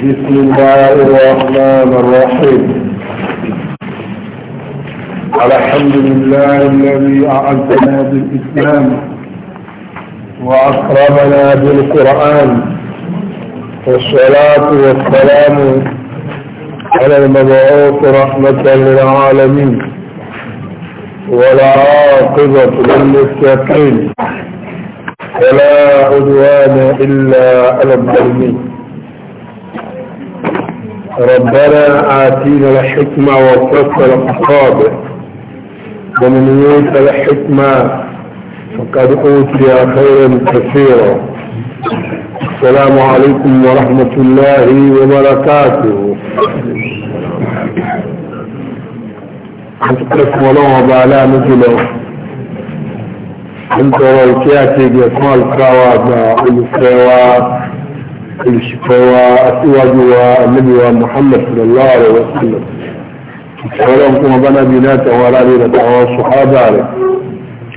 بسم الله الرحمن الرحيم الحمد لله الذي أعزنا بالإسلام وأكرمنا بالقرآن والصلاة والسلام على المبعوث رحمة للعالمين والعاقبة للمتقين ولا عدوان إلا على الظالمين ربنا آتينا الحكمة وفصل خطابه ومن يؤت الحكمة فقد أوتي خيرا كثيرا السلام عليكم ورحمة الله وبركاته أتقف ولوه بعلا مثله أنت رأيك يأتي بإقمال كوا بإقمال olùṣìkọwà aṣíwájú wa alẹ́bíwa muhammad sallallahu alaihi wa sallam ìṣọ́lọ́n kuma bá nábi náà tàwọn aráàlú rẹ̀ tàwọn ṣùhábà rẹ̀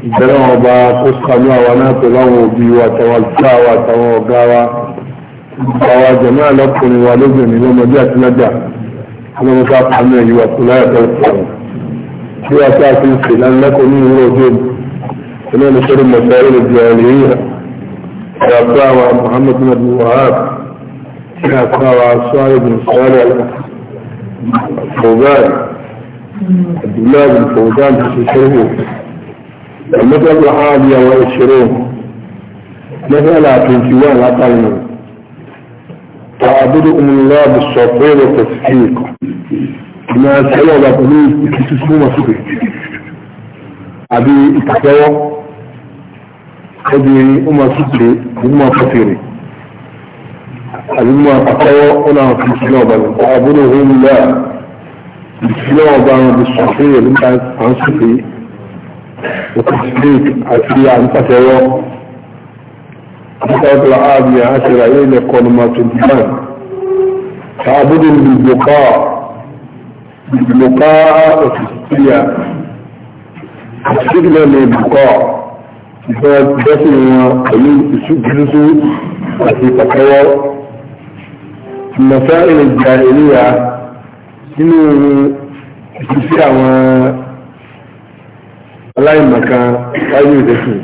ìbẹ̀rẹ̀ wọn bá kó sànú àwa náà pẹ̀lú àwọn òbí wa tàwọn àlùfáà wa tàwọn ọ̀gá wa àwọn jẹ̀mọ́ àlọ́kùnrin wa lóbìnrin lọ́mọdé àti lọ́jà ọlọ́mọdé àpamọ́ ẹ̀yí wa kò láyàtọ̀ ìpàwọ̀ bí wàá sáà fi ń sè lánlẹ́kọ̀ọ́ ní ìwúrọ̀ òjò ìlú ẹ̀lẹ́sọ̀rọ̀ mọ̀sáyé lè di àlè yíyà ọ̀rọ̀ àbúrò àwọn muhammad bin abdul wahab كان صالح بن صالح فوزان عبد الله بن فوزان في شرحه المسألة الحادية والعشرون مسألة تنسيان أقل تعبدكم الله بالصبر والتصحيق ما سألوا لأقولين كتسمو مصري أبي اتخلوا قد أمة صدري أمة فطيري àdúgbò àpapọ̀ ọ̀nà àfihàn ọba ní àbúrò òun lọ ìfihàn ọba àwọn ìṣòfin ìlú nípa àǹsòfin òkùnfin àti àǹtàtẹ̀wọ́ àtàkùnlá ààbì àṣírà ilẹ̀ lẹ́kọ̀ọ́ nọmà 29 تعبد بالبقاء بالبقاء وتسقيا تسقيا من البقاء بس هو قليل السجن àti ìpàkọ́wọ́ مسائل الجاهلية nínú ìsìsí àwọn aláìmọ̀ká ayé ìdẹ́sìn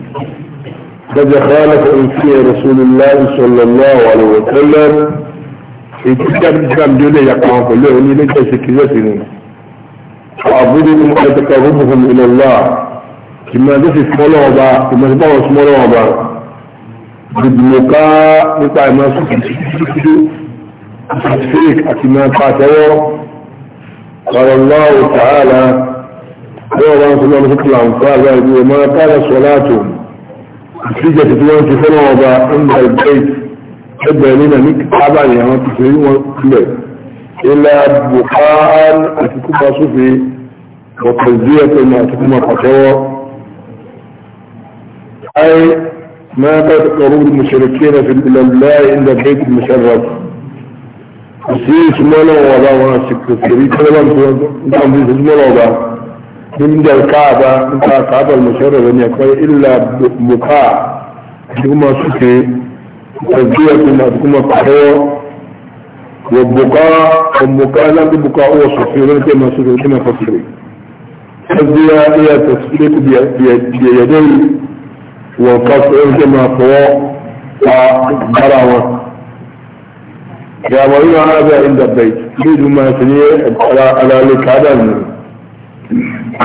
قد خالف أنفية رسول الله صلى الله عليه وسلم ìtìkà ìtìkàm bí ó lè yàpọ̀ àwọn pẹ̀lú ẹ̀rọ ní ilé ìjọsìn kìí ẹ̀sìn ni àbúrò ní ẹ̀tẹ̀kà rúbùhùn ìlọ́lá ìmọ̀lẹ́ tó fi fọ́lọ́ ọba ìmọ̀lẹ́ tó wọ́n súnmọ́ lọ́wọ́ ọba gbogbo ká nípa ìmọ̀lẹ́ التشفيك أكما قاتل قال الله تعالى قال الله سبحانه وتعالى قال وما قال صلاتهم الحجة تتوان تفنوا وضع عند البيت حبا لنا نك طبعا يا ما تفهموا إلا بقاء أتكما صفي وتنزية ما أتكما قاتل أي ما قد قرور المشركين في الله إلا بيت المشرف sí ìsúmọ́lọ́ ọba wọn ṣìkìrì tẹ́lẹ̀bá tó wọn nígbà bí ìsúmọ́lọ́ ọba nígbà káàbá nígbà káàbá mọ̀ṣọ́rọ̀ rẹ̀ ní ẹ̀kọ́ ìlà bùkà àdúgbò sókè ìtàjú ẹ̀kùn àdúgbò pàrọ́wọ́ wọ bùkà ọmọkà láti bùkà ọwọ́ sọ̀fẹ́ rẹ̀ tẹ́ máa sọ̀rọ̀ tẹ́ máa fọ́fẹ́rẹ́ ẹ̀dí ẹ̀yà tẹ̀sílẹ̀ kù bìyẹ̀dẹ́ wọ̀ ká sọ̀rọ̀ tẹ́ máa fọwọ́ pa bára wọn جابرين هذا عند البيت يريد ما سنيه على لك هذا المهم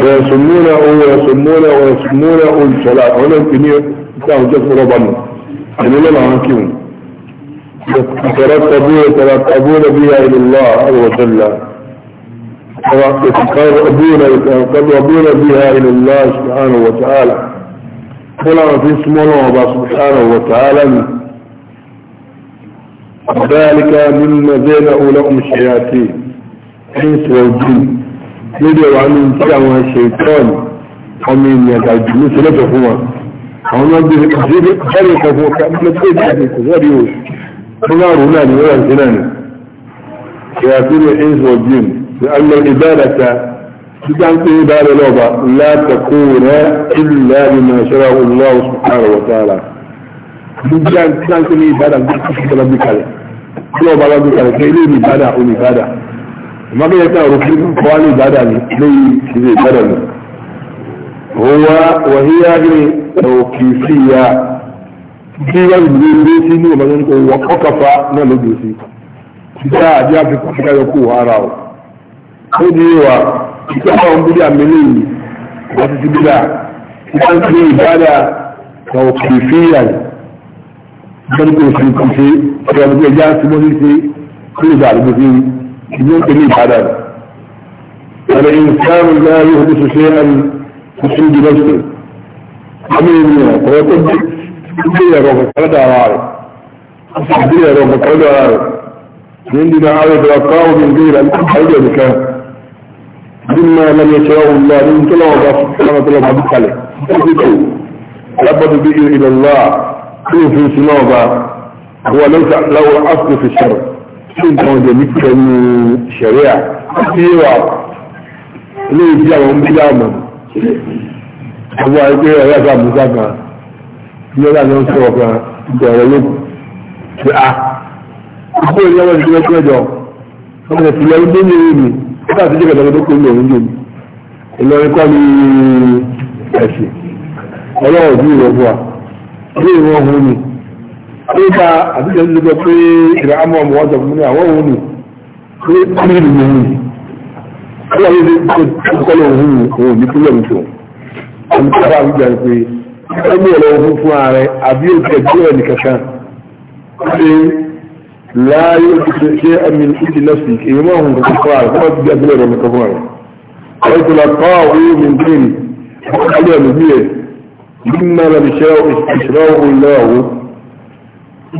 ويسمونه ويسمونه ويسمونه الصلاة هنا يمكنيه كان جزء ربنا يعني لما عنكيهم يترتبون يترتبون بها إلى الله عز وجل يترتبون يترتبون بها إلى الله سبحانه وتعالى كلما في اسم الله سبحانه وتعالى وذلك من زين لهم الشياطين الانس والجن يدعو عنهم كلام الشيطان ومن يدعو مثل هو ومن به تجربه خلقه هو كامل البيت يعني تغريه حمار هنالي ولا زنان شياطين الانس والجن لان العباده تدعم في عباده لا تكون الا بما شرعه الله سبحانه وتعالى من جان كان كل عباده بكتب كلام bí ọba lọ́dún kàlẹ̀ pé ilé ìlú ìbádà omi ìbádà ìmọ́kẹ́yẹ pé ọ̀rọ̀ fún kọ́ wá ní ìbádà ní lẹ́yìn ilé ìbádà ní. òun wá wàhíyá ní òkè sí ya bí wọ́n ti gbé ilé sí ní ọmọdé ní òun ọkọ̀fà náà ló dùn sí. ìgbà àfikún àti káyọ̀ kó wà ara o. ó di wa ìgbà àwọn bíbí àmìlẹ̀ yìí wọ́n ti ti bíbá gbẹ́gbẹ́ òṣèlú kan ṣe ọ̀rọ̀ ẹja tí wọ́n ní ṣe kó lè dàrú sí ìlú ìpínlẹ̀ ìbàdàn. ọ̀rọ̀ ìsáàrù láàyè ọdún ṣoṣẹ́ àmì tuntun jù lọ́sẹ̀. àmì ènìyàn ọ̀rọ̀ tó gbé ẹ̀rọ kọ̀kọ́dà ara rẹ̀ ó sì gbé ẹ̀rọ kọ̀kọ́dà ara rẹ̀. ní ìdílé ààrẹ tó wà káwọn ní ìgbéra ní àwùjọ nìkan. bímọ lẹ́yìn ṣe ọ̀hún lọ ní tọ́lọ́wọ́ bá fún كيف في سنوبة هو ليس له أصل في الشرع كيف كان جميل كان شريعة أيوة ليه جاوهم بجاوهم هو يقول يا ذا مزاقا يا ذا ننصرك دولوك بأه أقول يا ذا جاوك يجاو أنا في الله يبني يبني أنا في جاوك يجاوك يجاوك إلا يقول لي أشي ọlọ́wọ́ bí ìrọ̀bùwà ilé ìwọ̀n òun ni àbíkà àbíkà ń lọ́gbọ́ pé ìrà àmọ́ ọmọ ọjọ́ fún mi àwọn òun ni pé kúrò nínú òun ni àwọn òun ni kó kọ́lọ̀ òun ni òun ní pílọ̀ nìkan àmì kára àbíkà ni pé ó mú ọ̀rọ̀ òun fún ààrẹ àbí ó tẹ̀ bí ẹnì kankan pé láàyè ó ti ṣe ìdí lọ́sì èyí máa hùn kankan fún ààrẹ kọ́mọ́ ti bí abúlé rẹ̀ nìkan fún ààrẹ. ọ̀rọ̀ مما لم يشرعه الله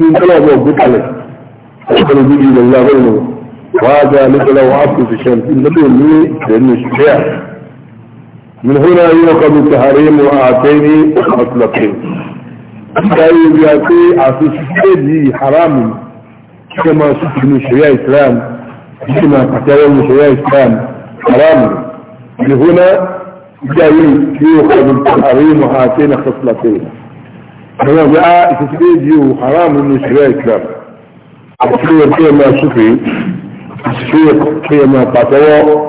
من كلا موجود عليه أدخل به إلى الله غيره وهذا مثله عبد في الشمس النبي مني لأنه شجاع من هنا يؤخذ تحريم وآتين مطلقين أي بيأتي عصي الشجاع حرام كما شفت من شجاع إسلام كما قتل من شجاع إسلام حرام من هنا جاي يؤخذ الحريم هاتين خصلتين هو بقى تسبيد يو حرام من شراء الكلام الشيء قيمة شفي الشيء قيمة فتوى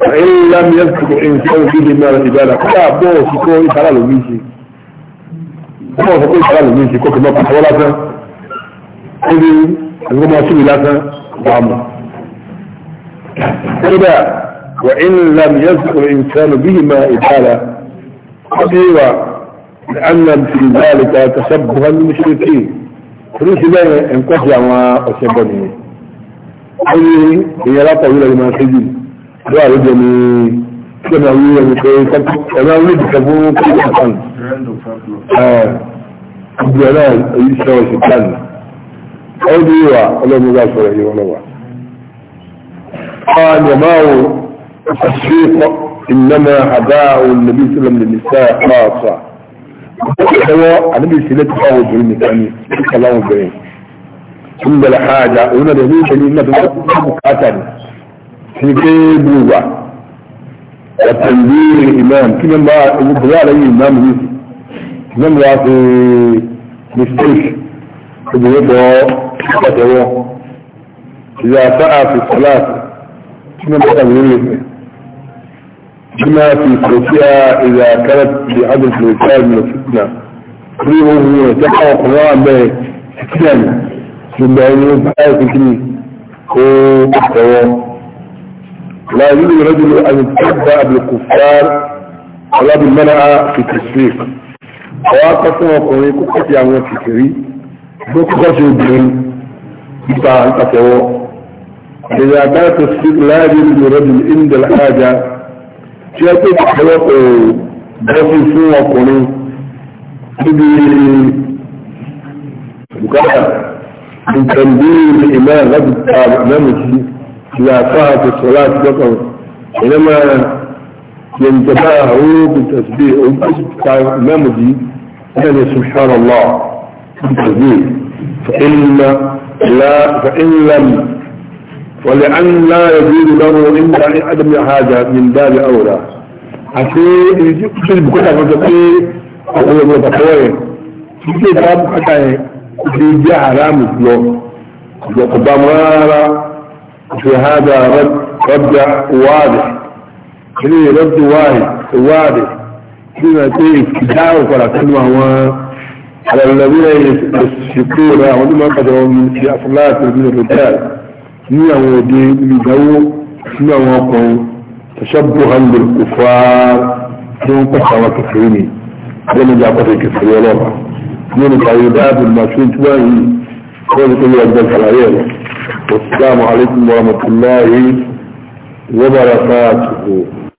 فإن لم يذكر إنسان فيه ما الإبالة فلا بوه سكوه حلال ميشي بوه سكوه حلال ميشي كوك ما تحولاتا إذن الغمى سبيلاتا وعمر كده وإن لم يذكر الإنسان بهما إبالة حقيقة لأن في ذلك تشبها بالمشركين كل شيء انقطع ما أشبهني أي هي لا طويلة لما تجي لا يجني كما هو يقول كما ولد كبو كل حسن اه عبد الله يسوى شكان أوديوا ولا مغافر أيوة الله قال وما التشريق إنما هداه النبي صلى الله عليه وسلم للنساء خاصة هو النبي صلى الله عليه وسلم كان كلام بين ثم الحاجة هنا دليل دليل ما عليه وسلم قاتل في كيبوبة وتنبيه الإمام كما ما يقول عليه الإمام يوسف إمام راسي مستيش يقول إذا سعى في الصلاة كما ما يقول بما في صوتها إذا كانت بعدم الوكال من الفتنة قريبه وتقع قراء بحكام ثم ينوب آية كني لا يريد رجل أن يتبع بالكفار ولا بالمنع في التشفيق وقصوا قريب قد يعمل فكري بكفر جدرين بتاع الأسوار إذا كان التصفيق لا يريد رجل عند الحاجة tí wọ́n pè ọ̀pọ̀lọpọ̀ bọ́sí fún ọkùnrin níbi bùkátà ìtẹ̀lú ìmọ̀ láti ta mẹ́mù sí ìlà àfá àti sola àti lọ́kàn ìrẹ́ máa yẹn jẹba àwọn òògùn tẹ̀síbí òun tó ta mẹ́mù sí ẹni subhanallah tẹ̀síbí fa'in lam ولأن لا يزيد له إلا عدم حاجة من باب أولى أشي يجي بكل ما تقول أقول ما تقول شيء باب حتى يجي حرام يوم قدام رارا في هذا رد رد واضح شيء رد واضح واضح فيما فيه كتاب فلا كلمة هو على الذين يشكون ما قدروا من أفلاس من الرجال ní àwọn èdè ìgbàwó ní àwọn ọkùnrin tashabbuhan bil kuffar tí wọ́n pẹ̀sà àwọn kẹfẹ́ ni wọ́n ní jàpọ̀tẹ̀ kẹfẹ́ ọlọ́pàá ní ọ̀nà kàwé dáàbò màṣú tí wọ́n yìí wọ́n ti tẹ́lẹ̀ ọgbẹ́ kàlàyé rẹ̀ wasalaamu alaykum wa rahmatulahi wa barakatuhu.